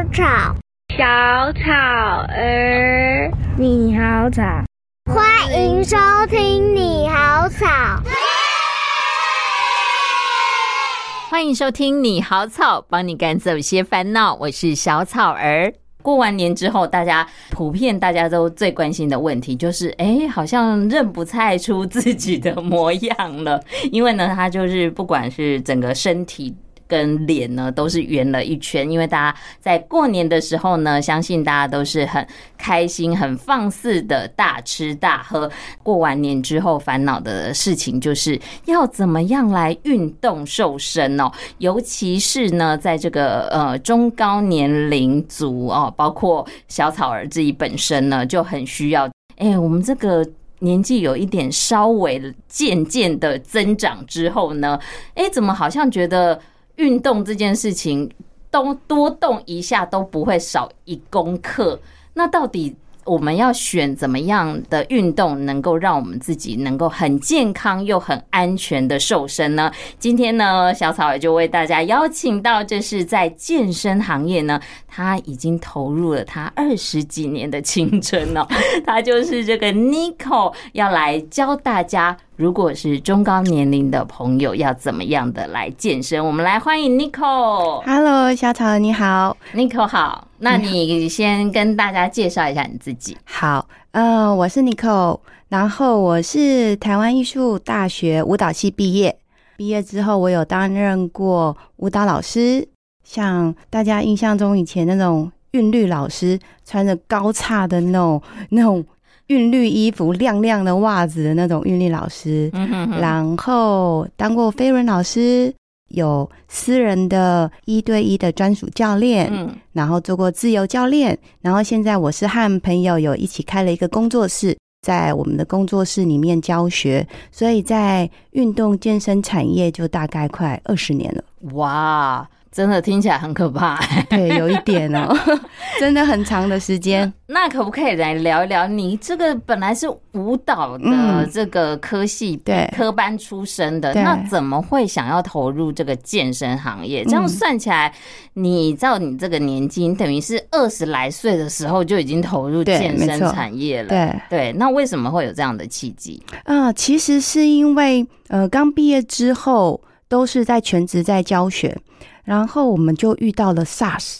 小草，小草兒，你好草！歡迎收聽你好草。對歡迎收聽你好草，幫你趕走一些煩惱。我是小草兒。過完年之後，大家普遍大家都最關心的問題就是，哎，好像認不太出自己的模樣了，因為呢，他就是不管是整個身體。跟臉呢都是圓了一圈，因為大家在過年的時候呢，相信大家都是很開心、很放肆的大吃大喝。過完年之後，煩惱的事情就是要怎麼樣來運動瘦身哦，尤其是呢，在這個呃中高年齡族哦，包括小草兒自己本身呢就很需要。誒，我們這個年紀有一點稍微漸漸的增長之後呢，誒，怎麼好像覺得運動這件事情，都多動一下都不會少一公克。那到底我們要選怎麼樣的運動，能夠讓我們自己能夠很健康又很安全的瘦身呢？今天呢，小草也就為大家邀請到，就是在健身行業呢。他已經投入了他二十幾年的青春了哦，他就是這個 Nicole 要來教大家，如果是中高年齡的朋友，要怎麼樣的來健身？我們來歡迎 Nicole。Hello，小草，你好，Nicole 好，那你先跟大家介紹一下你自己。好，呃，我是 Nicole，然後我是台灣藝術大學舞蹈系畢業，畢業之後我有擔任過舞蹈老師。像大家印象中以前那種韻律老師，穿着高叉的那種、那種韻律衣服、亮亮的襪子的那種韻律老師，嗯、哼哼然後當過飛輪老師，有私人的一對一的專屬教練，嗯、然後做過自由教練，然後現在我是和朋友有一起開了一個工作室，在我們的工作室裡面教學，所以在運動健身產業就大概快二十年了。哇！真的聽起來很可怕，對，有一點哦、喔， 真的很長的時間。那可不可以來聊一聊？你這個本來是舞蹈的這個科系、嗯、科班出身的，對那怎麼會想要投入這個健身行業？對這樣算起來，你照你這個年紀，嗯、你等於是二十來歲的時候就已經投入健身產業了。對，對，對，那為什麼會有這樣的契機？啊、呃，其實是因為呃，剛畢業之後都是在全職在教學。然後我們就遇到了 SARS，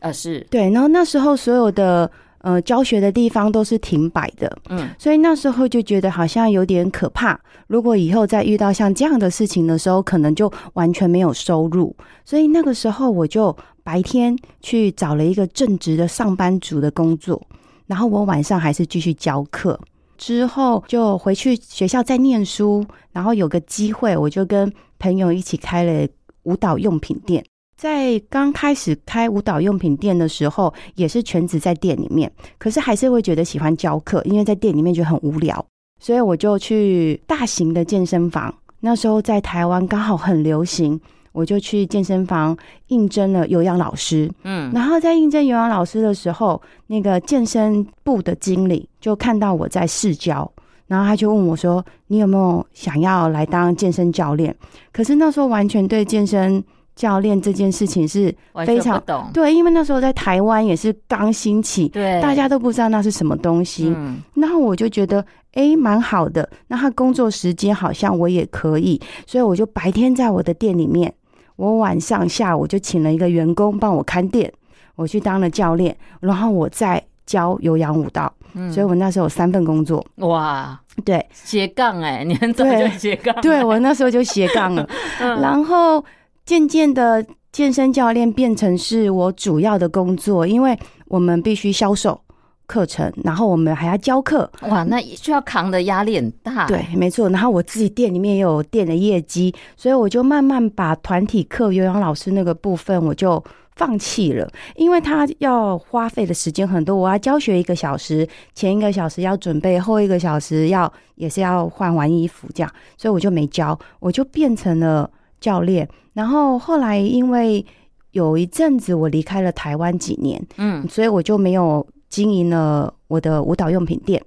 啊是對，然後那時候所有的呃教學的地方都是停擺的，嗯，所以那時候就覺得好像有點可怕。如果以後再遇到像這樣的事情的時候，可能就完全沒有收入。所以那個時候我就白天去找了一個正職的上班族的工作，然後我晚上還是繼續教課。之後就回去學校再念書，然後有個機會，我就跟朋友一起開了。舞蹈用品店，在剛開始開舞蹈用品店的時候，也是全職在店裡面，可是，還是會覺得喜歡教課，因為在店裡面覺得很無聊，所以我就去大型的健身房。那時候在台灣剛好很流行，我就去健身房應徵了有氧老師。嗯，然後在應徵有氧老師的時候，那個健身部的經理就看到我在試教。然後他就問我說：“你有沒有想要來當健身教練？”可是那時候完全對健身教練這件事情是非常不懂，對，因為那時候在台灣也是剛興起，對，大家都不知道那是什麼東西。對嗯、然後我就覺得，誒、欸、蠻好的。那他工作時間好像我也可以，所以我就白天在我的店裡面，我晚上下午就請了一個員工幫我看店，我去當了教練，然後我再教有氧舞蹈。所以，我那時候有三份工作。嗯、哇，對，斜槓哎，你很早就斜槓欸。對，我那時候就斜槓了。 嗯、然後，漸漸的，健身教練變成是我主要的工作，因為我們必須銷售課程，然後我們還要教課。哇，那需要扛的壓力很大。對，沒錯。然後，我自己店裡面也有店的業績，所以我就慢慢把團體課有氧老師那個部分，我就。放棄了，因為他要花費的時間很多。我要教學一個小時，前一個小時要準備，後一個小時要也是要換完衣服這樣，所以我就沒教，我就變成了教練。然後後來因為有一陣子我離開了台灣幾年，嗯，所以我就沒有經營了我的舞蹈用品店。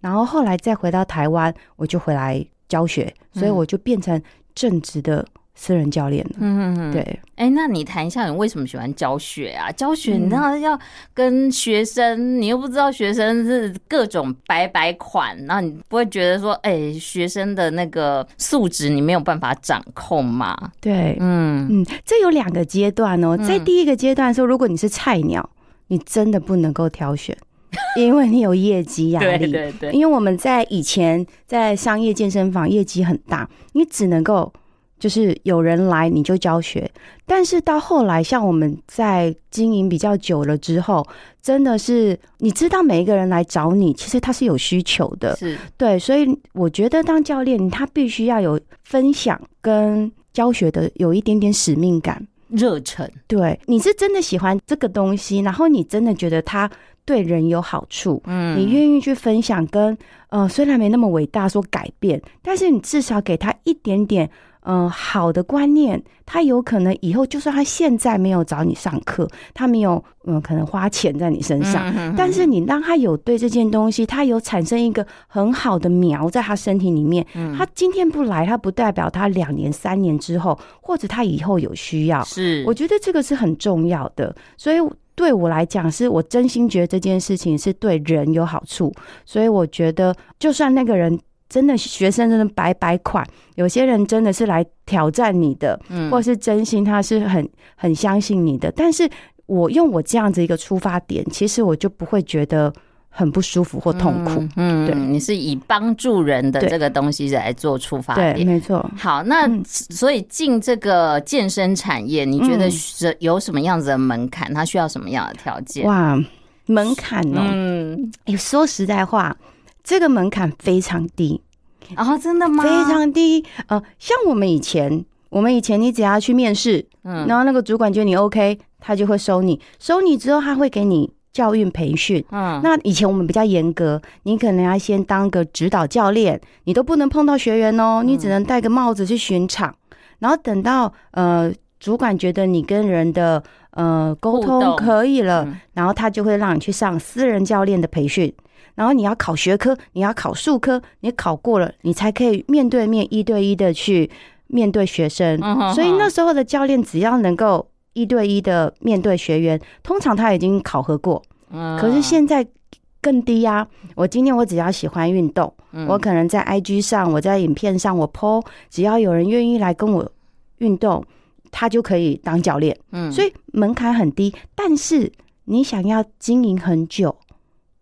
然後後來再回到台灣，我就回來教學，所以我就變成正職的。私人教練嗯嗯，對。哎、欸，那你談一下，你為什麼喜歡教學啊？教學，你知道要跟學生，嗯、你又不知道學生是各種白白款，那你不會覺得說，哎、欸，學生的那個素質你沒有辦法掌控嗎？對，嗯嗯，這有兩個階段哦、喔。在第一個階段說如果你是菜鳥，嗯、你真的不能夠挑選， 因為你有業績壓力。對對對、對，因為我們在以前在商業健身房業績很大，你只能夠。就是有人來你就教學，但是到後來，像我們在經營比較久了之後，真的是你知道每一個人來找你，其實他是有需求的，是。對，所以我覺得當教練他必須要有分享跟教學的有一點點使命感、熱忱。對，你是真的喜歡這個東西，然後你真的覺得他對人有好處，嗯，你願意去分享跟呃，雖然沒那麼偉大說改變，但是你至少給他一點點。嗯、呃，好的觀念，他有可能以後就算他現在沒有找你上課，他沒有嗯，可能花錢在你身上，嗯、哼哼，但是你讓他有對這件東西，他有產生一個很好的苗在他身體裡面。他、嗯、今天不來，他不代表他兩年、三年之後，或者他以後有需要。是，我覺得這個是很重要的。所以對我來講，是我真心覺得這件事情是對人有好處。所以我覺得，就算那個人。真的學生真的白白款，有些人真的是來挑戰你的，嗯、或者是真心他是很很相信你的。但是我用我這樣子一個出發點，其實我就不會覺得很不舒服或痛苦。嗯，嗯對，你是以幫助人的這個東西來做出發點，對對沒錯。好，那所以進這個健身產業，嗯、你覺得是有什麼樣子的門檻？它需要什麼樣的條件？哇，門檻哦。嗯，哎、欸，說實在話。這個門檻非常低啊、哦！真的嗎？非常低。呃，像我們以前，我們以前你只要去面試，嗯，然後那個主管覺得你 OK，他就會收你。收你之後，他會給你教育培訓。嗯，那以前我們比較嚴格，你可能要先當個指導教練，你都不能碰到學員哦，嗯、你只能戴個帽子去巡場。然後等到呃，主管覺得你跟人的呃溝通可以了，嗯、然後他就會讓你去上私人教練的培訓。然後你要考學科，你要考數科，你考過了，你才可以面對面一對一的去面對學生。嗯、好好，所以那時候的教練只要能夠一對一的面對學員，通常他已經考核過。嗯，可是現在更低呀、啊。我今天我只要喜歡運動，嗯、我可能在 IG 上，我在影片上，我 PO，只要有人願意來跟我運動，他就可以當教練。嗯，所以門檻很低，但是你想要經營很久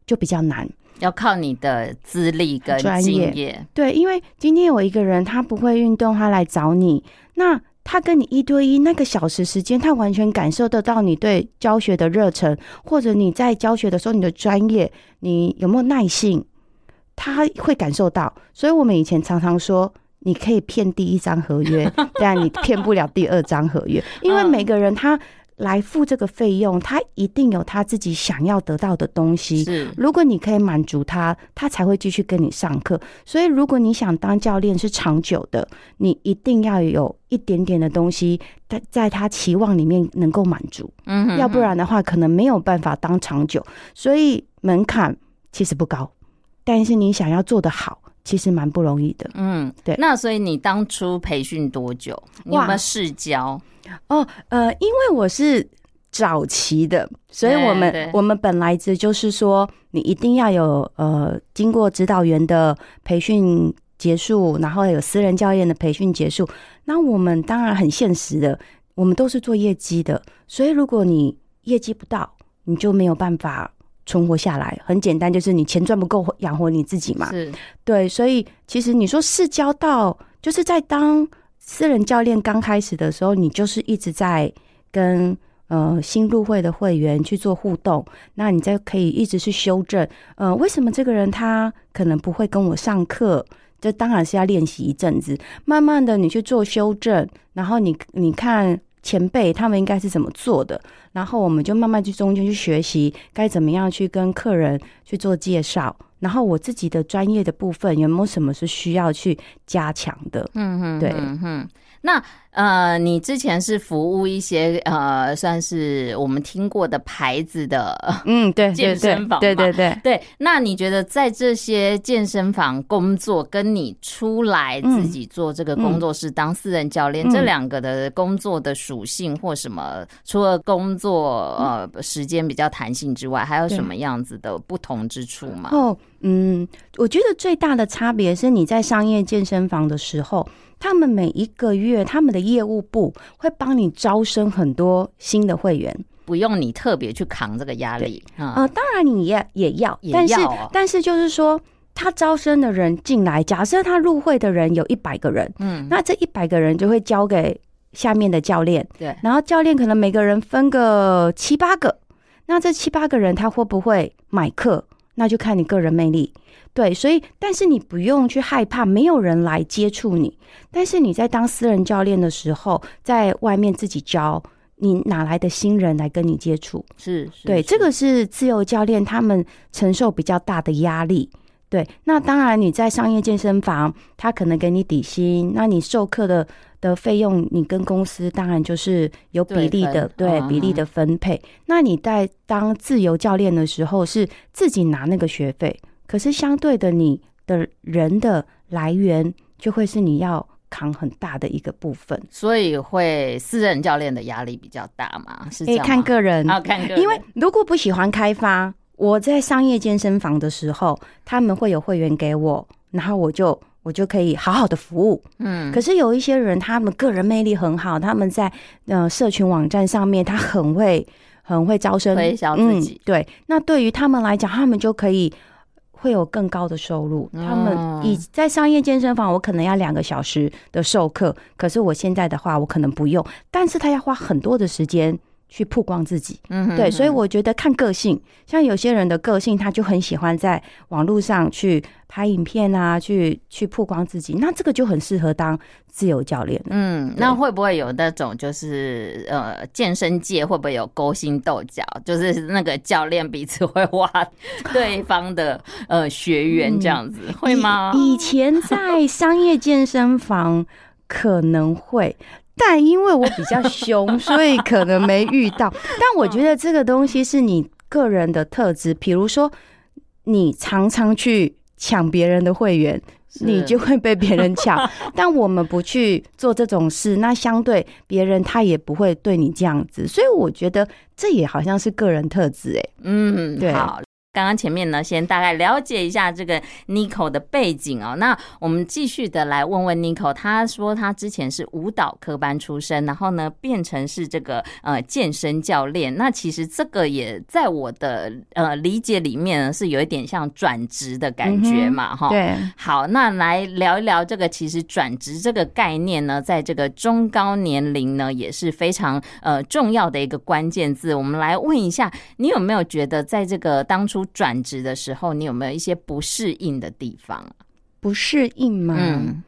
就比較難。要靠你的資歷跟專業，對，因為今天有一個人他不會運動，他來找你，那他跟你一對一那個小時時間，他完全感受得到你對教學的熱忱，或者你在教學的時候你的專業，你有沒有耐性，他會感受到。所以我們以前常常說，你可以騙第一張合約， 但你騙不了第二張合約，因為每個人他、嗯。來付這個費用，他一定有他自己想要得到的東西。如果你可以滿足他，他才會繼續跟你上課。所以，如果你想當教練是長久的，你一定要有一點點的東西在在他期望裡面能夠滿足。要不然的話，可能沒有辦法當長久。所以門檻其實不高，但是你想要做得好。其實蠻不容易的，嗯，對。那所以你當初培訓多久？哇我們試教哦，呃，因為我是早期的，所以我們對對對我們本來就是說，你一定要有呃，經過指導員的培訓結束，然後有私人教練的培訓結束。那我們當然很現實的，我們都是做業績的，所以如果你業績不到，你就沒有辦法。存活下來很簡單，就是你錢賺不夠養活你自己嘛。是 對，所以其實你說是交到，就是在當私人教練剛開始的時候，你就是一直在跟呃新入會的會員去做互動，那你再可以一直去修正，呃，為什麼這個人他可能不會跟我上課？這當然是要練習一陣子，慢慢的你去做修正，然後你你看。前輩他們應該是怎麼做的，然後我們就慢慢去中間去學習該怎麼樣去跟客人去做介紹，然後我自己的專業的部分有沒有什麼是需要去加強的？嗯哼，對，那呃，你之前是服務一些呃，算是我們聽過的牌子的健身房，嗯，對，健身房，對對對對。那你覺得在這些健身房工作，跟你出來自己做這個工作室、嗯、當私人教練，嗯、這兩個的工作的屬性或什麼，除了工作、嗯、呃時間比較彈性之外，還有什麼樣子的不同之處嗎？哦對，嗯，我覺得最大的差別是你在商業健身房的時候。他們每一個月，他們的業務部會幫你招生很多新的會員，不用你特別去扛這個壓力。啊，呃，當然你也也要，也要哦。但是但是就是說，他招生的人進來，假設他入會的人有一百個人，嗯，那這一百個人就會交給下面的教練，對，然後教練可能每個人分個七八個，那這七八個人他會不會買課？那就看你個人魅力，對，所以但是你不用去害怕沒有人來接觸你，但是你在當私人教練的時候，在外面自己教，你哪來的新人來跟你接觸？是，是，對，這個是自由教練他們承受比較大的壓力。對，那當然你在商業健身房，他可能給你底薪，那你授課的的費用，你跟公司當然就是有比例的，對分啊、對比例的分配。嗯哼、那你在當自由教練的時候，是自己拿那個學費，可是相對的，你的人的來源就會是你要扛很大的一個部分，所以會私人教練的壓力比較大嘛？是這樣嗎、欸、看個人，啊、看個人，因為如果不喜歡開發。我在商業健身房的時候，他們會有會員給我，然後我就我就可以好好的服務。嗯，可是有一些人，他們個人魅力很好，他們在、呃、社群網站上面，他很會很會招生。推銷自己、嗯，對。那對於他們來講，他們就可以會有更高的收入。哦、他們以在商業健身房，我可能要兩個小時的授課，可是我現在的話，我可能不用，但是他要花很多的時間。去曝光自己，嗯、哼對，所以我覺得看個性，像有些人的個性，他就很喜歡在網絡上去拍影片啊，去去曝光自己,那這個就很適合當自由教練。嗯,那會不會有那種就是呃,健身界會不會有勾心鬥角？就是那個教練彼此會挖對方的 呃學員這樣子,嗯、會嗎？以前在商業健身房可能會。但因為我比較兇，所以可能沒遇到。 但我覺得這個東西是你個人的特質，比如說你常常去搶別人的會員，你就會被別人搶。但我們不去做這種事，那相對別人他也不會對你這樣子。所以我覺得這也好像是個人特質。哎，嗯，對。剛剛前面呢，先大概了解一下這個 Nicole 的背景哦。那我們繼續的來問問 Nicole，他說他之前是舞蹈科班出身，然後呢變成是這個呃健身教練。那其實這個也在我的呃理解裡面呢，是有一點像轉職的感覺嘛，哈、嗯。對，好，那來聊一聊這個其實轉職這個概念呢，在這個中高年齡呢也是非常呃重要的一個關鍵字。我們來問一下，你有沒有覺得在這個當初？轉職的時候，你有沒有一些不適應的地方？不適應嗎？嗯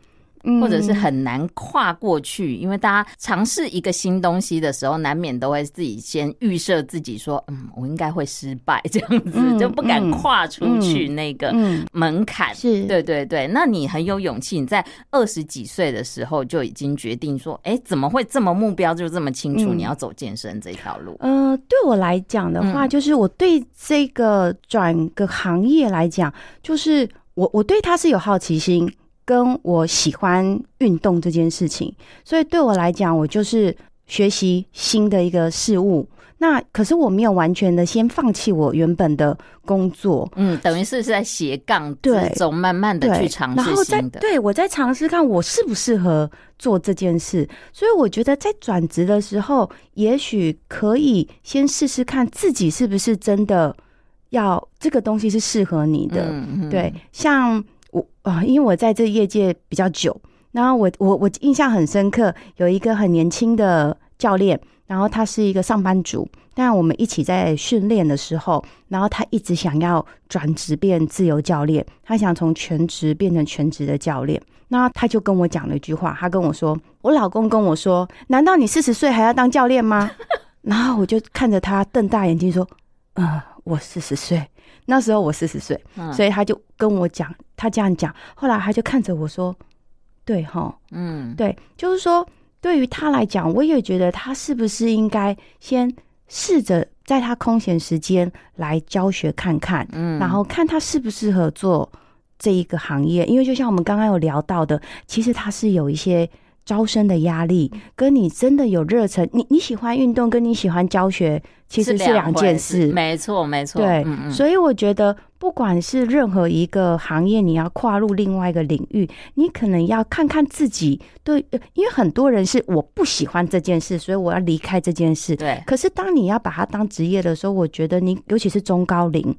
或者是很難跨過去，嗯、因為大家嘗試一個新東西的時候，難免都會自己先預設自己說，嗯，我應該會失敗，這樣子、嗯、 就不敢跨出去那個門檻、嗯嗯嗯。是，對對對。那你很有勇氣，你在二十幾歲的時候就已經決定說，哎、欸，怎麼會這麼目標就這麼清楚？嗯、你要走健身這條路？呃，對我來講的話，嗯、就是我對這個轉個行業來講，就是我我對他是有好奇心。跟我喜歡運動這件事情，所以對我來講，我就是學習新的一個事物。那可是我沒有完全的先放棄我原本的工作，嗯，等於是是在斜槓之中慢慢的去嘗試新的。對，然後再，對，我在嘗試看我適不適合做這件事，所以我覺得在轉職的時候，也許可以先試試看自己是不是真的要這個東西是適合你的。嗯哼。對，像。我啊，因為我在這業界比較久，然後我我我印象很深刻，有一個很年輕的教練，然後他是一個上班族，但我們一起在訓練的時候，然後他一直想要轉職變自由教練，他想從全職變成全職的教練，然後他就跟我講了一句話，他跟我說：“我老公跟我說，難道你四十歲還要當教練嗎？”然後我就看着他瞪大眼睛說：“啊、呃，我四十歲。”那時候我四十歲，所以他就跟我講，他這樣講。後來他就看着我說：“對齁，嗯，對，就是說，對於他來講，我也覺得他是不是應該先試着在他空閒時間來教學看看，嗯，然後看他適不適合做這一個行業。因為就像我們剛剛有聊到的，其實他是有一些招生的壓力，跟你真的有熱忱，你你喜歡運動，跟你喜歡教學。”其實是兩件事，沒錯，沒錯。對，所以我覺得，不管是任何一個行業，你要跨入另外一個領域，你可能要看看自己。對，因為很多人是我不喜歡這件事，所以我要離開這件事。對。可是當你要把它當職業的時候，我覺得你，尤其是中高齡，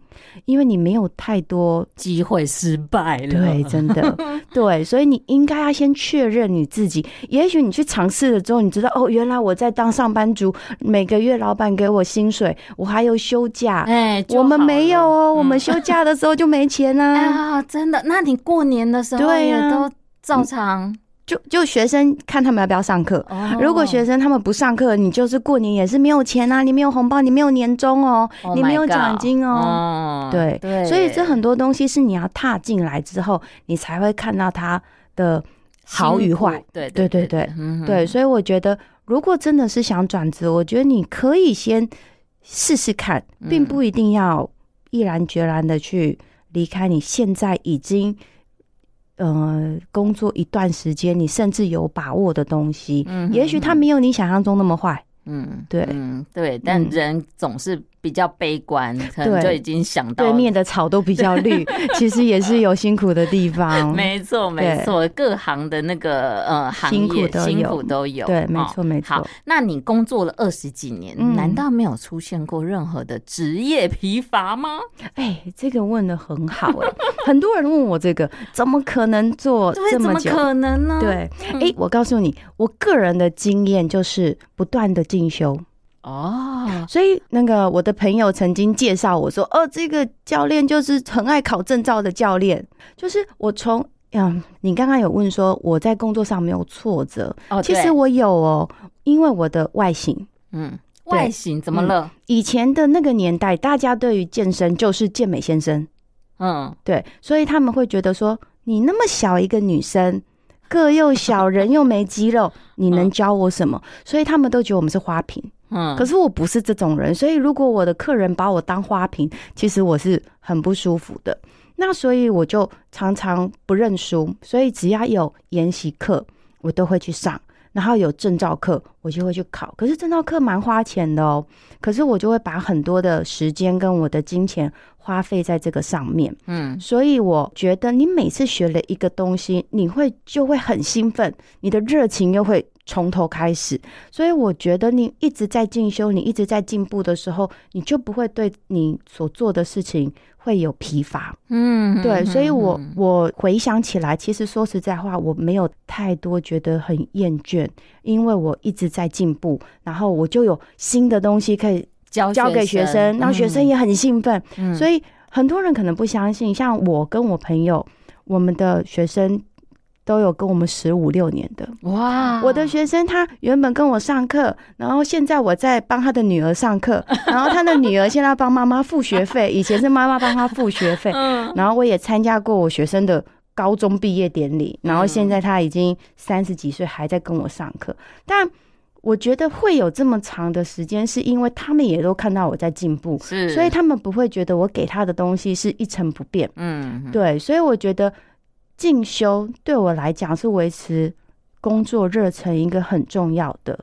因為你沒有太多機會失敗了。對，真的。 對，所以你應該要先確認你自己。也許你去嘗試了之後，你知道，哦，原來我在當上班族，每個月老闆給我薪。薪水，我還有休假，哎，我們沒有哦、喔，我們休假的時候就沒錢啊，真的，那你過年的時候，對啊，都照常。就就學生看他們要不要上課，如果學生他們不上課，你就是過年也是沒有錢啊，你沒有紅包，你沒有年終哦，你沒有獎金哦、喔。對，所以這很多東西是你要踏進來之後，你才會看到他的好與壞。對，對，對，對，對，對。所以我覺得，如果真的是想轉職，我覺得你可以先。試試看，並不一定要毅然決然的去離開你現在已經，呃，工作一段時間，你甚至有把握的東西，嗯哼哼，也許它沒有你想象中那麼壞，嗯，對，嗯，對，但人總是，嗯。比較悲觀，可能就已經想到對面的草都比較綠，其實也是有辛苦的地方。沒錯，沒錯，各行的那個呃行業辛苦都有，對，沒錯，沒錯。好，那你工作了二十幾年，難道沒有出現過任何的職業疲乏嗎？哎，這個問得很好哎，很多人問我這個，怎麼可能做這麼久？怎麼可能呢？對，哎，我告訴你，我個人的經驗就是不斷的進修。哦，oh, 所以那個我的朋友曾經介紹我說，哦，這個教練就是很愛考證照的教練。就是我從嗯，你剛剛有問說我在工作上沒有挫折，oh, 對其實我有哦，因為我的外形，嗯，對外形怎麼了？嗯？以前的那個年代，大家對於健身就是健美先生，嗯，對，所以他們會覺得說你那麼小一個女生，個又小，人又沒肌肉， 你能教我什麼？嗯，所以他們都覺得我們是花瓶。嗯，可是我不是這種人，所以如果我的客人把我當花瓶，其實我是很不舒服的。那所以我就常常不認輸，所以只要有研習課，我都會去上；然後有證照課，我就會去考。可是證照課蠻花錢的哦，可是我就會把很多的時間跟我的金錢。花費在這個上面，嗯，所以我覺得你每次學了一個東西，你會就會很興奮，你的熱情又會從頭開始。所以我覺得你一直在進修，你一直在進步的時候，你就不會對你所做的事情會有疲乏，嗯，對。所以，我我回想起來，其實說實在話，我沒有太多覺得很厭倦，因為我一直在進步，然後我就有新的東西可以。教交，交給學生，然後、嗯、學生也很興奮。嗯、所以很多人可能不相信，像我跟我朋友，我們的學生都有跟我們十五六年的。哇！我的學生他原本跟我上課，然後現在我在幫他的女兒上課，然後他的女兒現在幫媽媽付學費， 以前是媽媽幫他付學費。然後我也參加過我學生的高中畢業典禮，然後現在他已經三十幾歲還在跟我上課，但。我覺得會有這麼長的時間，是因為他們也都看到我在進步，是所以他們不會覺得我給他的東西是一成不變。嗯哼，對，所以我覺得進修對我來講是維持工作熱忱一個很重要的。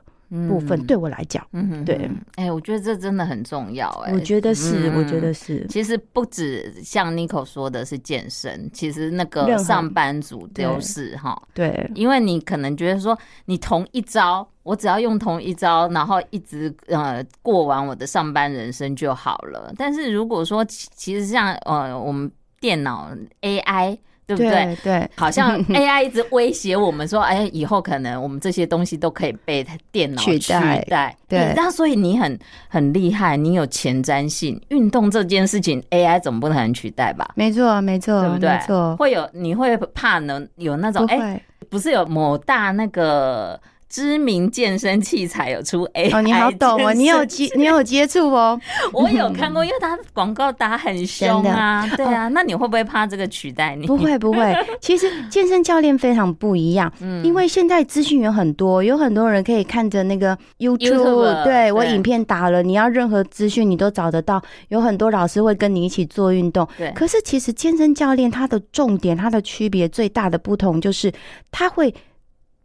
部分對我來講、嗯，嗯哼哼對，哎、欸，我覺得這真的很重要、欸，哎，我覺得是，嗯、我覺得是。其實不止像 Nicole 說的是健身，何其實那個上班族都是哈，對，吼對因為你可能覺得說，你同一招，我只要用同一招，然後一直呃過完我的上班人生就好了。但是如果說其，其實像呃我們電腦 AI。對不對？對對對，好像 AI 一直威脅我們說， 哎，以後可能我們這些東西都可以被電腦取代。取代，對，那所以你很很厲害，你有前瞻性。運動這件事情，AI 總不能取代吧？沒錯，沒錯，對不對？沒錯會有你會怕能有那種會哎，不是有某大那個。知名健身器材有出 A。哦，你好懂哦，你有接你有接觸哦，我有看過，因為他廣告打很兇啊，對啊，那你會不會怕這個取代你？不會不會，其實健身教練非常不一樣，嗯，因為現在資訊有很多，有很多人可以看着那個 YouTube，對，我影片打了，你要任何資訊你都找得到，有很多老師會跟你一起做運動，對，可是其實健身教練他的重點，他的區別最大的不同就是他會。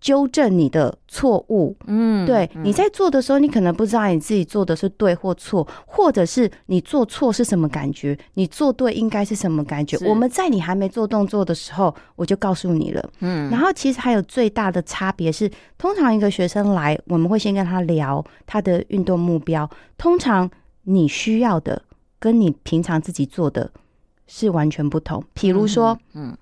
糾正你的錯誤，嗯，對，你在做的時候，嗯、你可能不知道你自己做的是對或錯，或者是你做錯是什麼感覺，你做對應該是什麼感覺？是我們在你還沒做動作的時候，我就告訴你了，嗯。然後，其實還有最大的差別是，通常一個學生來，我們會先跟他聊他的運動目標。通常你需要的跟你平常自己做的是完全不同。譬如說，嗯，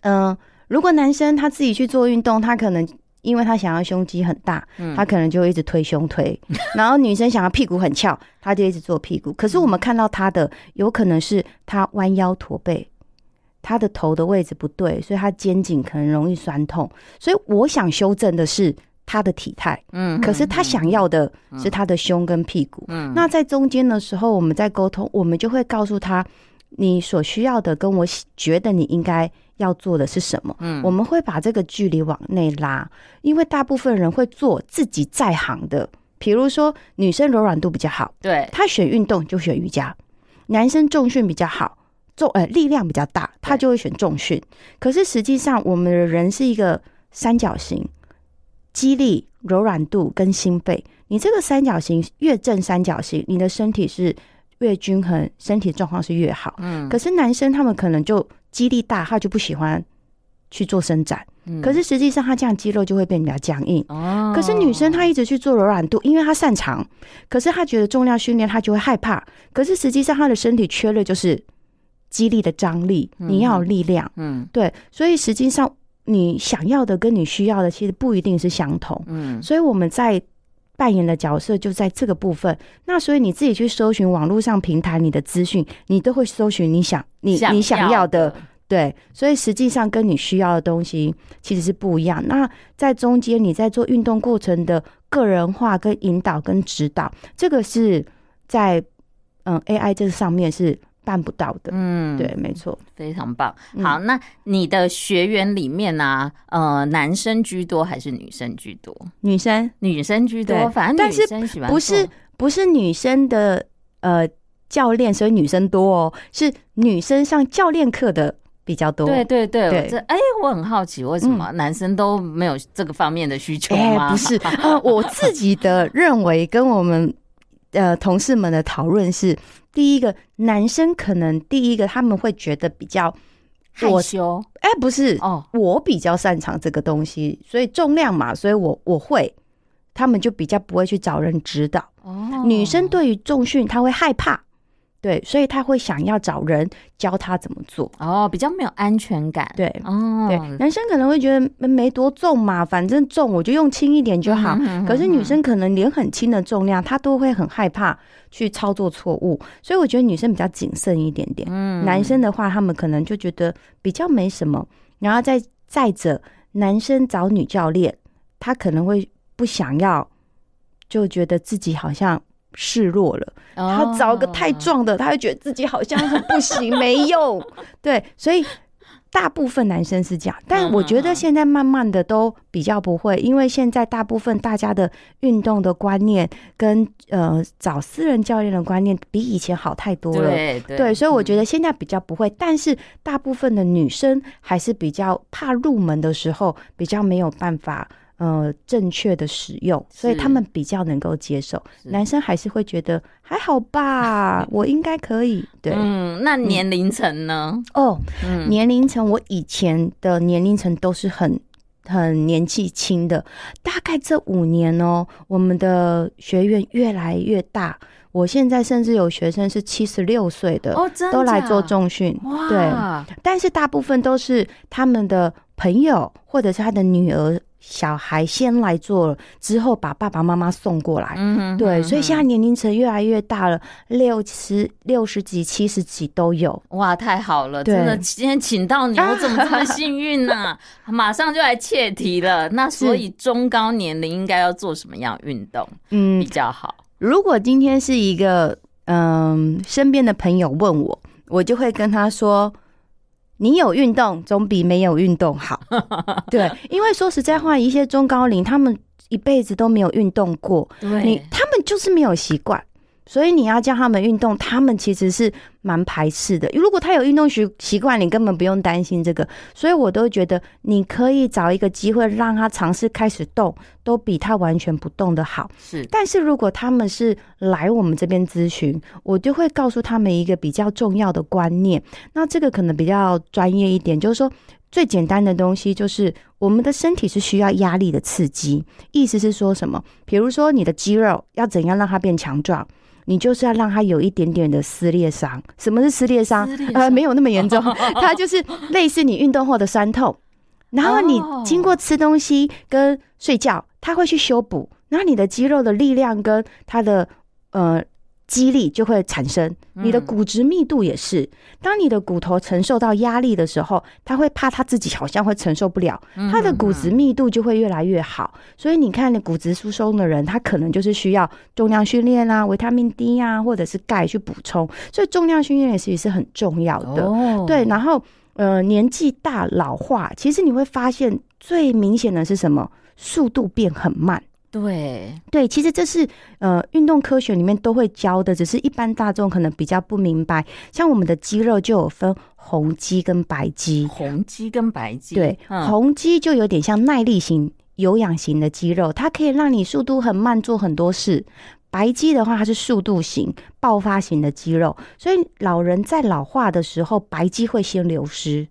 嗯。呃如果男生他自己去做運動，他可能因為他想要胸肌很大，嗯、他可能就一直推胸推， 然後女生想要屁股很翹，他就一直做屁股。可是我們看到他的、嗯、有可能是他彎腰駝背，他的頭的位置不對，所以他肩頸可能容易痠痛。所以我想修正的是他的體態，嗯，可是他想要的是他的胸跟屁股。嗯，那在中間的時候我們在溝通，我們就會告訴他，你所需要的跟我覺得你應該。要做的是什麼？嗯，我們會把這個距離往內拉，因為大部分人會做自己在行的。比如說，女生柔軟度比較好，對，他選運動就選瑜伽；男生重訓比較好，重誒、呃、力量比較大，他就會選重訓。對 可是實際上，我們的人是一個三角形，肌力、柔軟度跟心肺。你這個三角形越正，三角形你的身體是。越均衡，身體狀況是越好。嗯、可是男生他們可能就肌力大，他就不喜歡去做伸展。嗯、可是實際上他這樣肌肉就會變得比較僵硬。哦，可是女生她一直去做柔軟度，因為她擅長。可是她覺得重量訓練她就會害怕。可是實際上她的身體缺了就是肌力的張力。你要有力量。嗯，嗯對，所以實際上你想要的跟你需要的其實不一定是相同。嗯、所以我們在。扮演的角色就在這個部分，那所以你自己去搜尋網絡上平台你的資訊，你都會搜尋你想你你想要的，對，所以實際上跟你需要的東西其實是不一樣。那在中間你在做運動過程的個人化跟引導跟指導，這個是在嗯 AI 這上面是。辦不到的，嗯，對，沒錯，非常棒。好，那你的學員裡面呢、啊？嗯、呃，男生居多還是女生居多？女生，女生居多，對反正女生喜歡，但是不是不是女生的，呃，教練，所以女生多哦，是女生上教練課的比較多。對對對，哎對、欸，我很好奇為什麼男生都沒有這個方面的需求嗎？嗯欸、不是，呃、 我自己的認為跟我們。呃，同事們的討論是：第一個，男生可能第一個他們會覺得比較害羞。哎，欸、不是，哦，我比較擅長這個東西，所以重量嘛，所以我我會。他們就比較不會去找人指導。哦，女生對於重訓，她會害怕。對，所以他會想要找人教他怎麼做哦，oh, 比較沒有安全感。對，哦，對，男生可能會覺得沒多重嘛，反正重我就用輕一點就好。可是女生可能連很輕的重量，她都會很害怕去操作錯誤，所以我覺得女生比較謹慎一點點。嗯，男生的話，他們可能就覺得比較沒什麼。然後再再者，男生找女教練，他可能會不想要，就覺得自己好像示弱了。他找一個太壯的，oh. 他會覺得自己好像是不行， 沒用。對，所以大部分男生是這樣，但我覺得現在慢慢的都比較不會，oh. 因為現在大部分大家的運動的觀念跟呃找私人教練的觀念比以前好太多了。對，對，對。所以我覺得現在比較不會，嗯、但是大部分的女生還是比較怕入門的時候比較沒有辦法。呃，正確的使用，所以他們比較能夠接受。男生還是會覺得還好吧， 我應該可以。對，嗯，那年齡層呢、嗯？哦，嗯、年齡層，我以前的年齡層都是很很年紀輕的，大概這五年哦，我們的學員越來越大。我現在甚至有學生是七十六歲的哦，真的都來做重訓哇對，但是大部分都是他們的朋友或者是他的女兒。小孩先來做了，了之後把爸爸媽媽送過來。嗯哼，對，所以現在年齡層越來越大了，六十六十幾、七十幾都有。哇，太好了，對真的！今天請到你，我怎麼這麼 幸運呢、啊？馬上就來切題了。 那所以中高年齡應該要做什麼樣運動？嗯，比較好。如果今天是一個嗯，身邊的朋友問我，我就會跟他說。你有運動總比沒有運動好，對，因為說實在話，一些中高齡他們一輩子都沒有運動過，你他們就是沒有習慣。所以你要叫他們運動，他們其實是蠻排斥的。如果他有運動習習慣，你根本不用擔心這個。所以我都覺得你可以找一個機會讓他嘗試開始動，都比他完全不動的好。是，但是如果他們是來我們這邊諮詢，我就會告訴他們一個比較重要的觀念。那這個可能比較專業一點，就是說最簡單的東西就是我們的身體是需要壓力的刺激。意思是說什麼？比如說你的肌肉要怎樣讓它變強壯？你就是要讓他有一點點的撕裂傷。什麼是撕裂傷？裂呃，沒有那麼嚴重， 它就是類似你運動後的酸痛。然後你經過吃東西跟睡覺，他會去修補。那你的肌肉的力量跟它的呃。肌力就會產生，你的骨質密度也是。嗯、當你的骨頭承受到壓力的時候，他會怕他自己好像會承受不了，他的骨質密度就會越來越好。嗯嗯啊、所以你看你，骨質疏鬆的人，他可能就是需要重量訓練啊、維他命 D 啊，或者是鈣去補充。所以重量訓練其實是很重要的，哦、對。然後，呃，年紀大老化，其實你會發現最明顯的是什麼？速度變很慢。對對，其實這是呃運動科學裡面都會教的，只是一般大眾可能比較不明白。像我們的肌肉就有分紅肌跟白肌，紅肌跟白肌，對，嗯，紅肌就有點像耐力型、有氧型的肌肉，它可以讓你速度很慢做很多事；白肌的話，它是速度型、爆發型的肌肉。所以老人在老化的時候，白肌會先流失。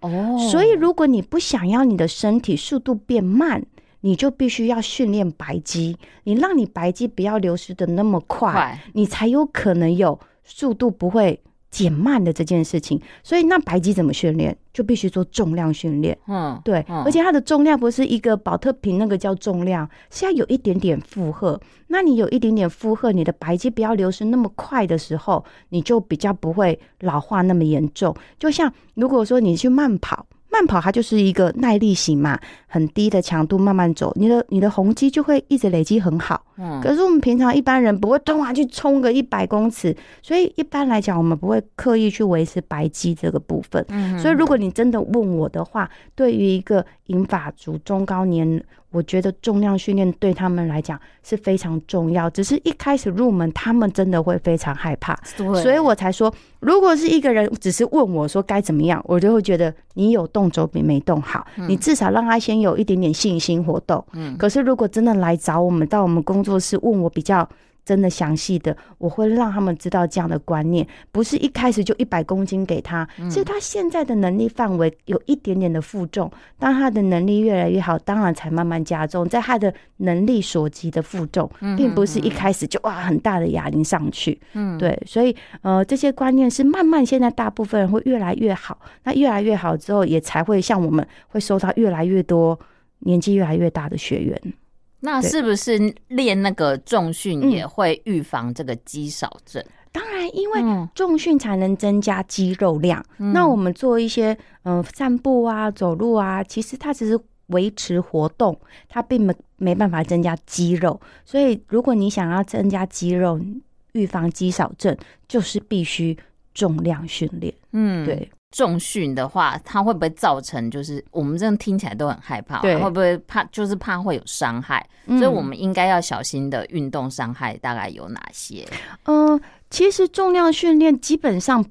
哦，所以如果你不想要你的身體速度變慢，你就必須要訓練白肌，你讓你白肌不要流失的那麼快，你才有可能有速度不會減慢的這件事情。所以那白肌怎麼訓練？就必須做重量訓練。嗯，對，而且它的重量不是一個寶特瓶那個叫重量，是要有一點點負荷。那你有一點點負荷，你的白肌不要流失那麼快的時候，你就比較不會老化那麼嚴重。就像如果說你去慢跑，慢跑它就是一個耐力型嘛，很低的強度，慢慢走，你的你的紅肌就會一直累積很好。嗯、可是我們平常一般人不會突然啊去衝個一百公尺，所以一般來講我們不會刻意去維持白肌這個部分。嗯、所以如果你真的問我的話，對於一個銀髮族中高年。我覺得重量訓練對他們來講是非常重要，只是一開始入門，他們真的會非常害怕。所以我才說，如果是一個人只是問我說該怎麼樣，我就會覺得你有動總比沒動好，你至少讓他先有一點點信心活動。可是如果真的來找我們到我們工作室問我比較，真的詳細的，我會讓他們知道這樣的觀念，不是一開始就一百公斤給他，是他現在的能力範圍有一點點的負重，當他的能力越來越好，當然才慢慢加重，在他的能力所及的負重，並不是一開始就哇很大的啞鈴上去，嗯，對，所以呃這些觀念是慢慢現在大部分人會越來越好，那越來越好之後也才會像我們會收到越來越多年紀越來越大的學員。那是不是練那個重訓也會預防這個肌少症？嗯，當然，因為重訓才能增加肌肉量。嗯，那我們做一些嗯，呃，散步啊、走路啊，其實它只是維持活動，它並沒沒辦法增加肌肉。所以，如果你想要增加肌肉、預防肌少症，就是必須重量訓練。嗯，對。重訓的話，它會不會造成就是我們這樣聽起來都很害怕，對會不會怕就是怕會有傷害？嗯，所以我們應該要小心的運動傷害，大概有哪些？嗯，呃，其實重量訓練基本上，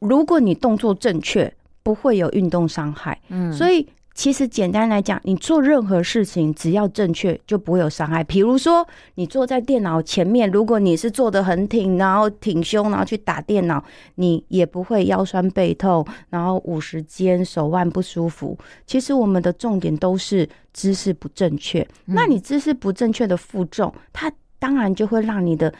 如果你動作正確，不會有運動傷害。嗯，所以。其實簡單來講，你做任何事情只要正確，就不會有傷害。比如說，你坐在電腦前面，如果你是坐得很挺，然後挺胸，然後去打電腦，你也不會腰酸背痛，然後五十肩、手腕不舒服。其實我們的重點都是姿勢不正確。嗯、那你姿勢不正確的負重，它當然就會讓你的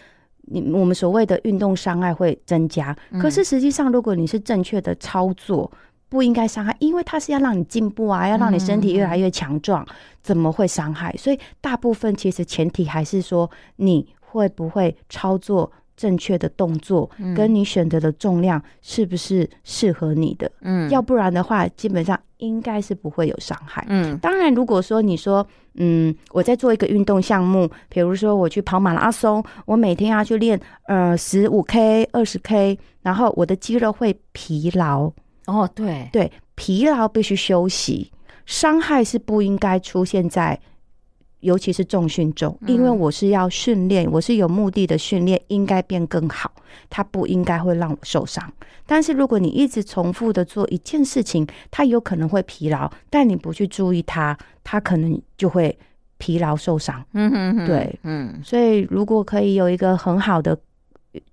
你我們所謂的運動傷害會增加。可是實際上，如果你是正確的操作。不應該傷害，因為它是要讓你進步啊，要讓你身體越來越強壯，嗯嗯嗯怎麼會傷害？所以大部分其實前提還是說你會不會操作正確的動作，嗯嗯嗯跟你選擇的重量是不是適合你的？嗯，要不然的話，基本上應該是不會有傷害。嗯，嗯，嗯嗯、當然，如果說你說，嗯，我在做一個運動項目，比如說我去跑馬拉松，我每天要去練，呃，十五 K、二十 K，然後我的肌肉會疲勞。哦，oh, 對對，疲勞必須休息，傷害是不應該出現在，尤其是重訓中，因為我是要訓練，我是有目的的訓練，應該變更好，它不應該會讓我受傷。但是如果你一直重複的做一件事情，它有可能會疲勞，但你不去注意它，它可能就會疲勞受傷。嗯嗯嗯，對，嗯， 所以如果可以有一個很好的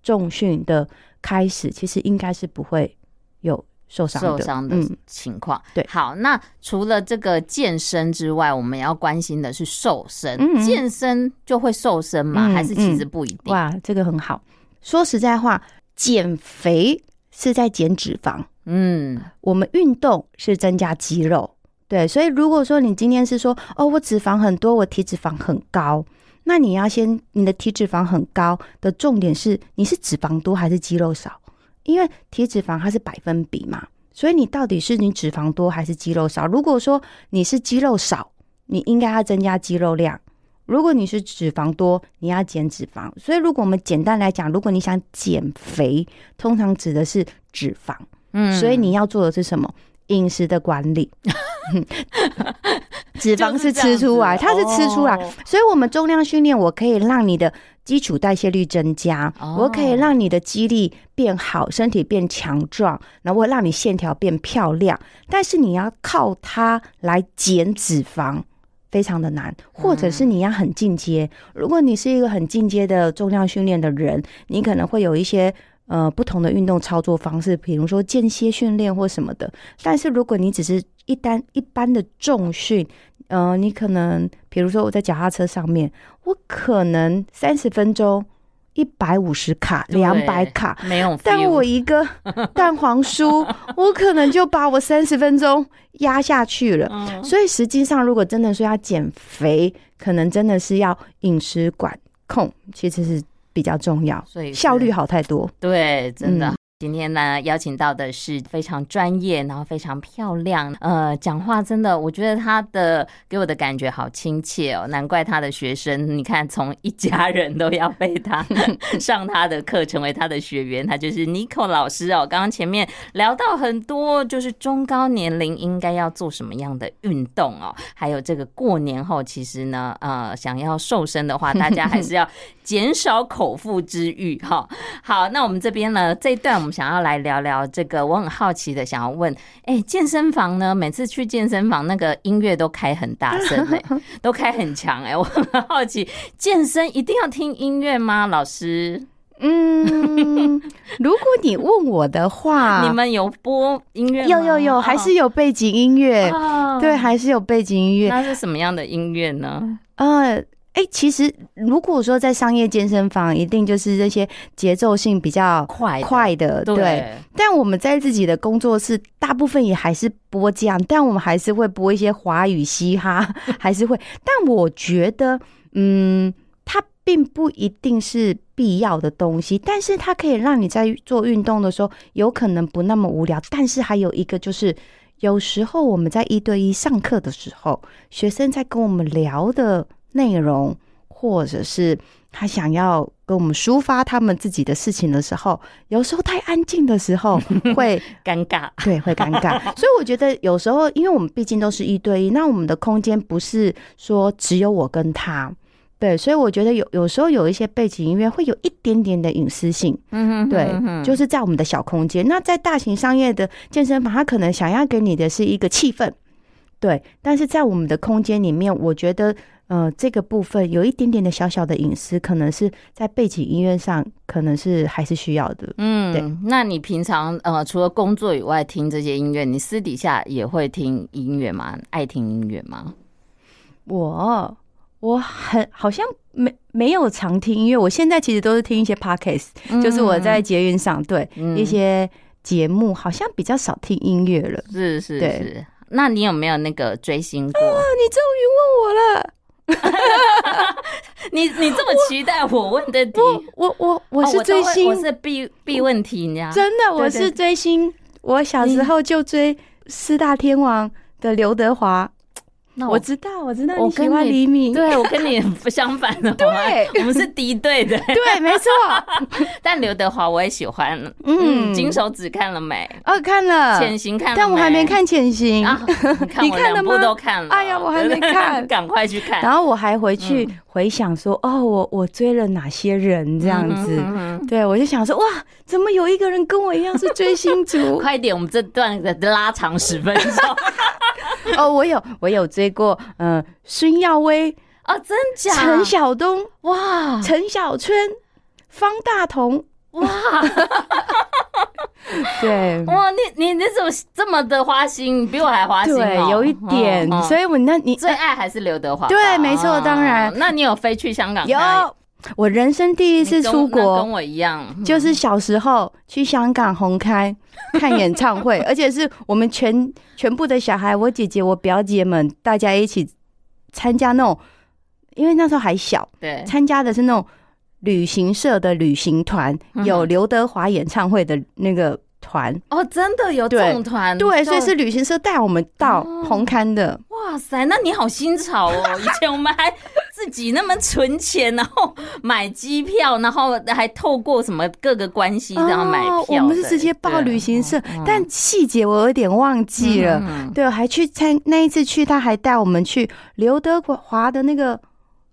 重訓的開始，其實應該是不會有。受傷受傷的情況，對，好，那除了這個健身之外，我們要關心的是瘦身。嗯嗯健身就會瘦身嗎？嗯嗯還是其實不一定？哇，這個很好。說實在話，減肥是在減脂肪，嗯，我們運動是增加肌肉，對。所以如果說你今天是說哦，我脂肪很多，我體脂肪很高，那你要先，你的體脂肪很高的重點是你是脂肪多還是肌肉少？因為體脂肪它是百分比嘛，所以你到底是你脂肪多還是肌肉少？如果說你是肌肉少，你應該要增加肌肉量；如果你是脂肪多，你要減脂肪。所以如果我們簡單來講，如果你想減肥，通常指的是脂肪，嗯，所以你要做的是什麼？飲食的管理， 脂肪是吃出來，是哦、它是吃出來，所以我們重量訓練我可以讓你的。基礎代謝率增加，我可以讓你的肌力變好，oh. 身體變強壯，然後讓你線條變漂亮。但是你要靠它來減脂肪，非常的難，或者是你要很進階。Oh. 如果你是一個很進階的重量訓練的人，你可能會有一些呃不同的運動操作方式，比如說間歇訓練或什麼的。但是如果你只是一單一般的重訓，呃，你可能比如說我在腳踏車上面，我可能三十分鐘一百五十卡，對兩百卡沒有。但我一個蛋黃酥， 我可能就把我三十分鐘壓下去了。嗯、所以實際上，如果真的說要減肥，可能真的是要飲食管控，其實是比較重要，效率好太多。對，真的。嗯今天呢，邀請到的是非常專業，然後非常漂亮，呃，講話真的，我覺得他的給我的感覺好親切哦，難怪他的學生，你看，從一家人都要被他 上他的課，成為他的學員。他就是 Nicole 老師哦。剛剛前面聊到很多，就是中高年齡應該要做什麼樣的運動哦，還有這個過年後，其實呢，呃，想要瘦身的話，大家還是要減少口腹之欲哈。好，那我們這邊呢，這一段我們想要來聊聊這個，我很好奇的，想要問，哎、欸，健身房呢？每次去健身房，那個音樂都開很大聲、欸， 都開很強，哎，我很好奇，健身一定要聽音樂嗎？老師，嗯， 如果你問我的話，你們有播音樂？有有有，還是有背景音樂？哦、對，還是有背景音樂、哦？那是什麼樣的音樂呢？嗯、呃。哎、欸，其實如果說在商業健身房，一定就是這些節奏性比較快快的，對，對。但我們在自己的工作室，大部分也還是播這樣，但我們還是會播一些華語嘻哈， 還是會。但我覺得，嗯，它並不一定是必要的東西，但是它可以讓你在做運動的時候有可能不那麼無聊。但是還有一個就是，有時候我們在一對一上課的時候，學生在跟我們聊的。內容，或者是他想要跟我們抒發他們自己的事情的時候，有時候太安靜的時候會尷 尬，對，會尷尬。 所以我覺得有時候，因為我們畢竟都是一對一，那我們的空間不是說只有我跟他，對，所以我覺得有有時候有一些背景音樂會有一點點的隱私性，嗯，對， 就是在我們的小空間。那在大型商業的健身房，他可能想要給你的是一個氣氛，對，但是在我們的空間裡面，我覺得。呃，這個部分有一點點的小小的隱私，可能是在背景音樂上，可能是還是需要的。嗯，對。那你平常呃，除了工作以外聽這些音樂，你私底下也會聽音樂嗎？愛聽音樂嗎？我，我很好像沒沒有常聽音樂。我現在其實都是聽一些 Podcast，、嗯、 就是我在捷運上對、嗯、一些節目，好像比較少聽音樂了。是是是。對那你有沒有那個追星？啊，你終於問我了。哈哈哈哈哈！ 你你這麼期待我問的問題，我我我，我，我是追星，哦、我，我是避避問題，你知道嗎？真的對對對，我是追星，我小時候就追四大天王的劉德華。我知道，我知道，你喜歡黎明。對，我跟你不相反的，對，我們是敵對的。對，沒錯。但劉德華我也喜歡。嗯，金手指看了沒？哦，看了。潛行看了，但我還沒看潛行。你看的不都看了？哎呀，我還沒看，趕快去看。然後我還回去回想說，哦，我我追了哪些人這樣子？對，我就想說，哇，怎麼有一個人跟我一樣是追星族？快點，我們這段得拉長十分鐘。 哦，我有我有追過，嗯、呃，孫耀威啊、哦，真假？陳曉東，哇，陳小春，方大同哇， 對，哇，你你你怎麼這麼的花心？比我還花心、哦、對有一點，哦哦、所以我那你最愛還是劉德華？對，沒錯，當然、哦。那你有飛去香港？有。我人生第一次出國，跟，跟我一樣，嗯、就是小時候去香港紅磡看演唱會， 而且是我們全全部的小孩，我姐姐、我表姐們，大家一起參加那種，因為那時候還小，對，參加的是那種旅行社的旅行團，有劉德華演唱會的那個。團團哦，真的有這種團，對，對，所以是旅行社帶我們到紅磡的、哦。哇塞，那你好新潮哦！ 以前我們還自己那麼存錢，然後買機票，然後還透過什麼各個關係然後買票。哦、對我們是直接報旅行社，嗯嗯、但細節我有點忘記了。嗯、對，還去參那一次去，他還帶我們去劉德華的那個。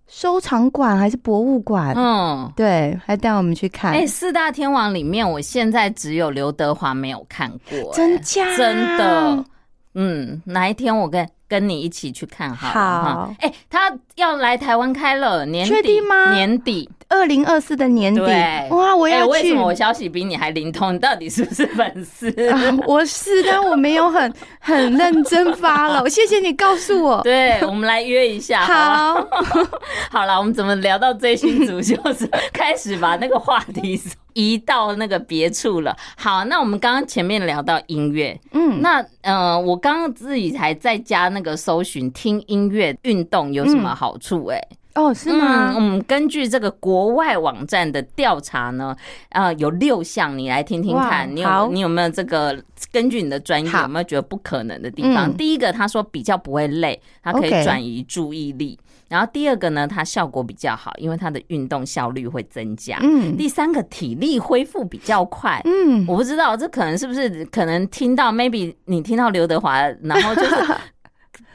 收藏館還是博物館？嗯，對，還帶我們去看。哎、欸，四大天王裡面，我現在只有劉德華沒有看過、欸，真假？真的。嗯，哪一天我跟跟你一起去看好好，哎、欸，他要來台灣開了，年底嗎？年底。二零二四的年底，對哇！我要去、欸。為什麼我消息比你還靈通？你到底是不是粉絲、啊？ uh, 我是，但我沒有很很認真發了。 謝謝你告訴我。對，我們來約一下。 好吧， 好啦，我們怎麼聊到追星族？就是開始吧？ 那個話題移到那個別處了。好，那我們剛剛前面聊到音樂，嗯，那嗯、呃，我剛剛自己還在家那個搜尋聽音樂運動有什麼好處、欸？哎、嗯。哦，oh, 是嗎？嗯，我們根據這個國外網站的調查呢，啊、呃，有六項，你來聽聽看，wow, 你有,有好你有沒有這個？根據你的專業，有沒有覺得不可能的地方？嗯、第一個，他說比較不會累，他可以轉移注意力；Okay. 然後第二個呢，它效果比較好，因為它的運動效率會增加。嗯，第三個體力恢復比較快。嗯，我不知道這可能是不是可能聽到 maybe 你聽到劉德華，然後就是。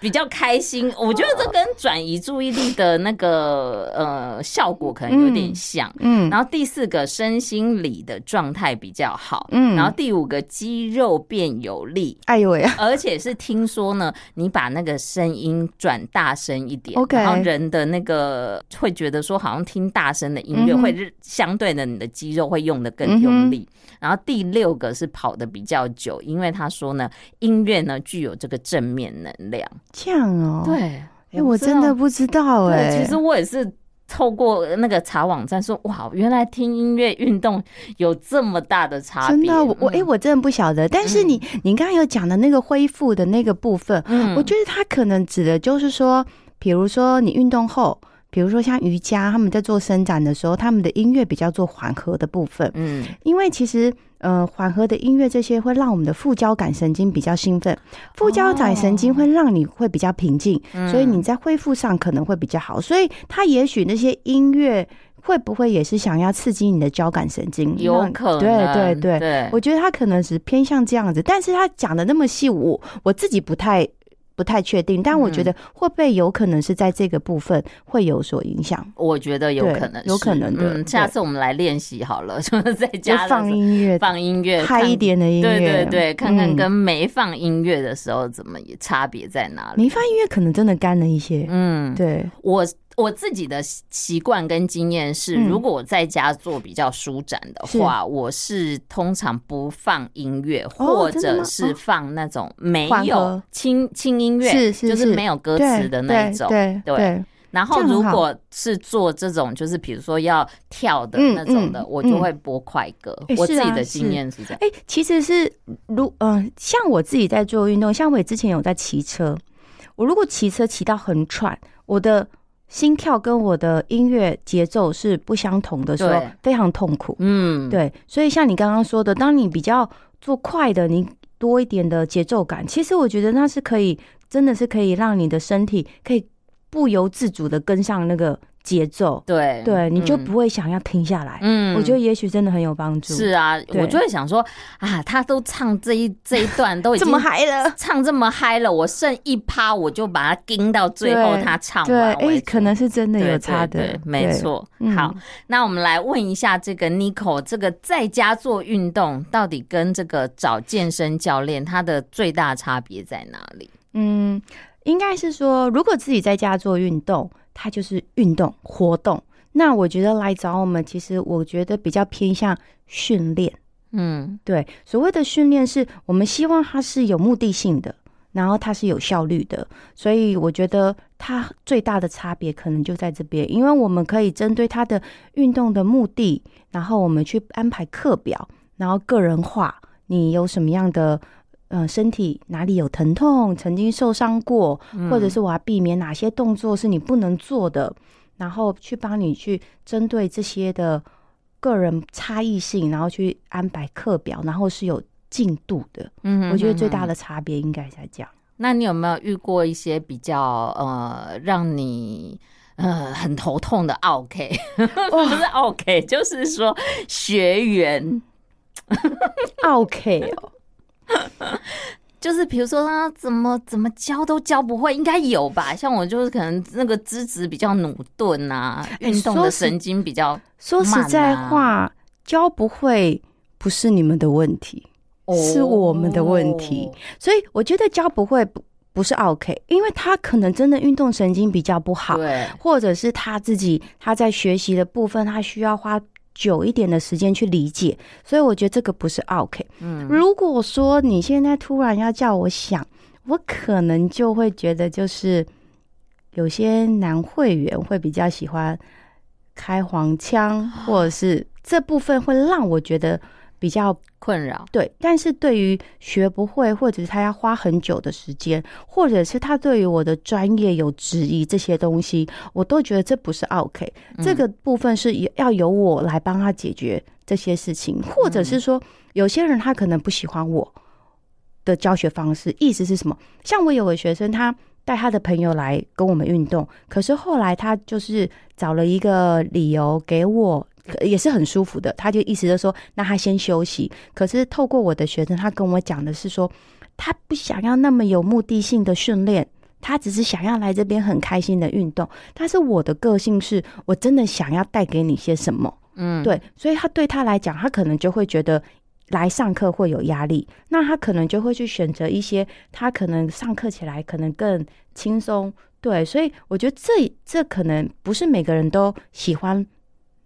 比較開心，我覺得這跟轉移注意力的那個呃效果可能有點像。嗯，然後第四個身心理的狀態比較好，嗯，然後第五個肌肉變有力，哎呦喂！而且是聽說呢，你把那個聲音轉大聲一點，然後人的那個會覺得說好像聽大聲的音樂會相對的你的肌肉會用得更用力。然後第六個是跑得比較久，因為他說呢，音樂呢具有這個正面能量。這樣哦，對，哎，欸、我真的不知道哎、欸欸。其實我也是透過那個查網站說，哇，原來聽音樂運動有這麼大的差別。真的，哦，嗯、我，哎、欸，我真的不曉得。但是你，嗯、你剛剛有講的那個恢復的那個部分，嗯、我覺得他可能指的就是說，比如說你運動後。比如說像瑜伽，他們在做伸展的時候，他們的音樂比較做緩和的部分。嗯，因為其實呃緩和的音樂這些會讓我們的副交感神經比較興奮，副交感神經會讓你會比較平靜，哦、所以你在恢復上可能會比較好。嗯、所以他也許那些音樂會不會也是想要刺激你的交感神經？有可能，對對對，對我覺得他可能是偏向這樣子，但是他講得那麼細舞，我自己不太。不太確定，但我覺得會不會有可能是在這個部分會有所影響，嗯。我覺得有可能是，有可能的。嗯、下次我們來練習好了，什麼對 在家放音樂，放音樂嗨一點的音樂，對對對，看看跟沒放音樂的時候怎麼也差別在哪裡？嗯、沒放音樂可能真的乾了一些，嗯，對我。我自己的習慣跟經驗是，如果我在家做比較舒展的話，我是通常不放音樂，或者是放那種沒有輕輕音樂，就是沒有歌詞的那一種。對，然後如果是做這種，就是比如說要跳的那種的，我就會播快歌。我自己的經驗是這樣，嗯。哎、嗯嗯嗯欸啊欸，其實是如嗯、呃，像我自己在做運動，像我也之前有在騎車，我如果騎車騎到很喘，我的。心跳跟我的音樂節奏是不相同的時候，非常痛苦。嗯，對，所以像你剛剛說的，當你比較做快的，你多一點的節奏感，其實我覺得那是可以，真的是可以讓你的身體可以不由自主的跟上那個。節奏，對對，嗯、你就不會想要停下來。嗯，我覺得也許真的很有幫助。是啊，對我就會想說，啊，他都唱這一、這一段都已經這麼嗨了，唱這麼嗨了，了我剩一趴我就把它盯到最後，他唱完對。對、欸，可能是真的有差的，對對對，沒錯。嗯、好，那我們來問一下這個 Nicole 這個在家做運動到底跟這個找健身教練他的最大差別在哪裡？嗯，應該是說，如果自己在家做運動。嗯它就是運動活動。那我覺得來找我們，其實我覺得比較偏向訓練。嗯，對，所謂的訓練是我們希望它是有目的性的，然後它是有效率的。所以我覺得它最大的差別可能就在這邊，因為我們可以針對他的運動的目的，然後我們去安排課表，然後個人化。你有什麼樣的？嗯，身體哪裡有疼痛？曾經受傷過，或者是我要避免哪些動作是你不能做的？嗯、然後去幫你去針對這些的個人差異性，然後去安排課表，然後是有進度的。嗯哼哼哼，我覺得最大的差別應該在這樣。那你有沒有遇過一些比較呃讓你呃很頭痛的？OK，哇 我不是 OK，就是說學員 OK 哦。 就是比如說他怎麼怎麼教都教不會，應該有吧？像我就是可能那個資質比較駑鈍啊，運動的神經比較慢啊，欸，說實、說實在話，教不會不是你們的問題，哦，是我們的問題。所以我覺得教不會不不是 OK，因為他可能真的運動神經比較不好，對，或者是他自己他在學習的部分他需要花。久一點的時間去理解，所以我覺得這個不是 OK。嗯，如果說你現在突然要叫我想，我可能就會覺得，就是有些男會員會比較喜歡開黃腔，或者是這部分會讓我覺得。比較困擾，對，但是對於學不會，或者是他要花很久的時間，或者是他對於我的專業有質疑這些東西，我都覺得這不是 OK。嗯，這個部分是要由我來幫他解決這些事情，或者是說有些人他可能不喜歡我的教學方式，意思是什麼？像我有個學生，他帶他的朋友來跟我們運動，可是後來他就是找了一個理由給我。也是很舒服的，他就意思就說，那他先休息。可是透過我的學生，他跟我講的是說，他不想要那麼有目的性的訓練，他只是想要來這邊很開心的運動。但是我的個性是我真的想要帶給你些什麼，嗯，對，所以他對他來講，他可能就會覺得來上課會有壓力，那他可能就會去選擇一些他可能上課起來可能更輕鬆。對，所以我覺得這這可能不是每個人都喜歡。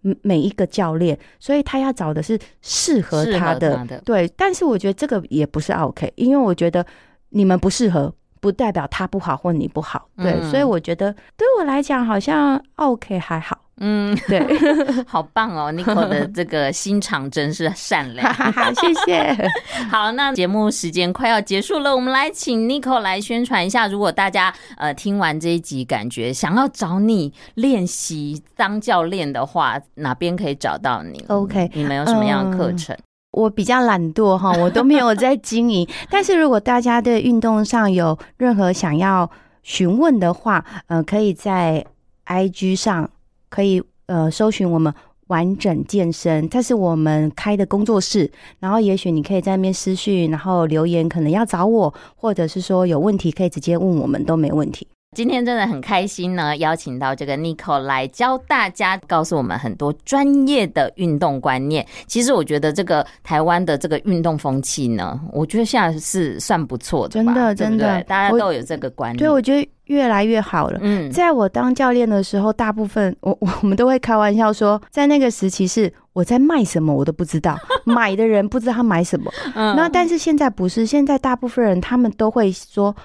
每每一個教練，所以他要找的是適合他的。他的。對，但是我覺得這個也不是 OK，因為我覺得你們不適合，不代表他不好或你不好。對，嗯。所以我覺得對我來講，好像 OK 還好。嗯，對， 好棒哦 Nicole 的這個心腸真是善良，謝謝。好，那節目時間快要結束了，我們來請 Nicole 來宣傳一下。如果大家呃聽完這一集，感覺想要找你練習當教練的話，哪邊可以找到你？OK，、um, 你們有什麼樣的課程？嗯、我比較懶惰哈，我都沒有在經營。 但是如果大家對運動上有任何想要詢問的話，呃，可以在 IG 上。可以，呃，搜尋我們完整健身，這是我們開的工作室。然後，也許你可以在那邊私訊，然後留言，可能要找我，或者是說有問題可以直接問我們，都沒問題。今天真的很開心呢，邀請到這個 Nicole 來教大家，告訴我們很多專業的運動觀念。其實我覺得這個台灣的這個運動風氣呢，我覺得現在是算不錯的,的，真的，真的，大家都有這個觀念。對，我覺得越來越好了。嗯，在我當教練的時候，大部分我我我們都會開玩笑說，在那個時期是我在賣什麼，我都不知道， 買的人不知道他買什麼。嗯，那但是現在不是，現在大部分人他們都會說，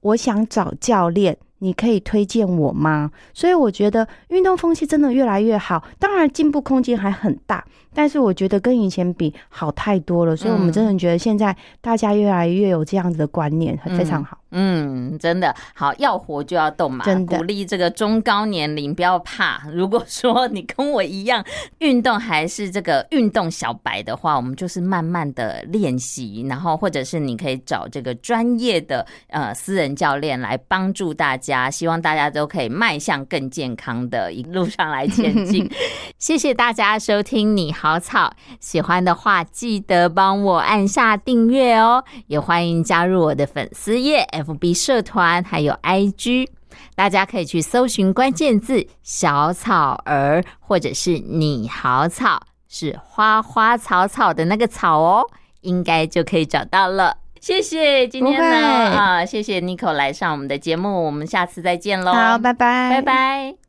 我想找教練。你可以推薦我嗎？所以我覺得運動風氣真的越來越好，當然進步空間還很大。但是我覺得跟以前比好太多了，所以我們真的覺得現在大家越來越有這樣子的觀念，很非常好嗯。嗯，真的好，要活就要動嘛，真的 鼓勵這個中高年齡不要怕。如果說你跟我一樣，運動還是這個運動小白的話，我們就是慢慢的練習，然後或者是你可以找這個專業的呃私人教練來幫助大家，希望大家都可以邁向更健康的一路上來前進。 謝謝大家收聽，你。好草，喜歡的話記得幫我按下訂閱哦，也歡迎加入我的粉絲頁 FB 社團，還有 IG，大家可以去搜尋關鍵字“小草兒”或者是“你好草”，是花花草草的那個草哦，應該就可以找到了。不會。謝謝今天呢啊，謝謝 Nicole 來上我們的節目，我們下次再見嘍，好，拜拜，拜拜。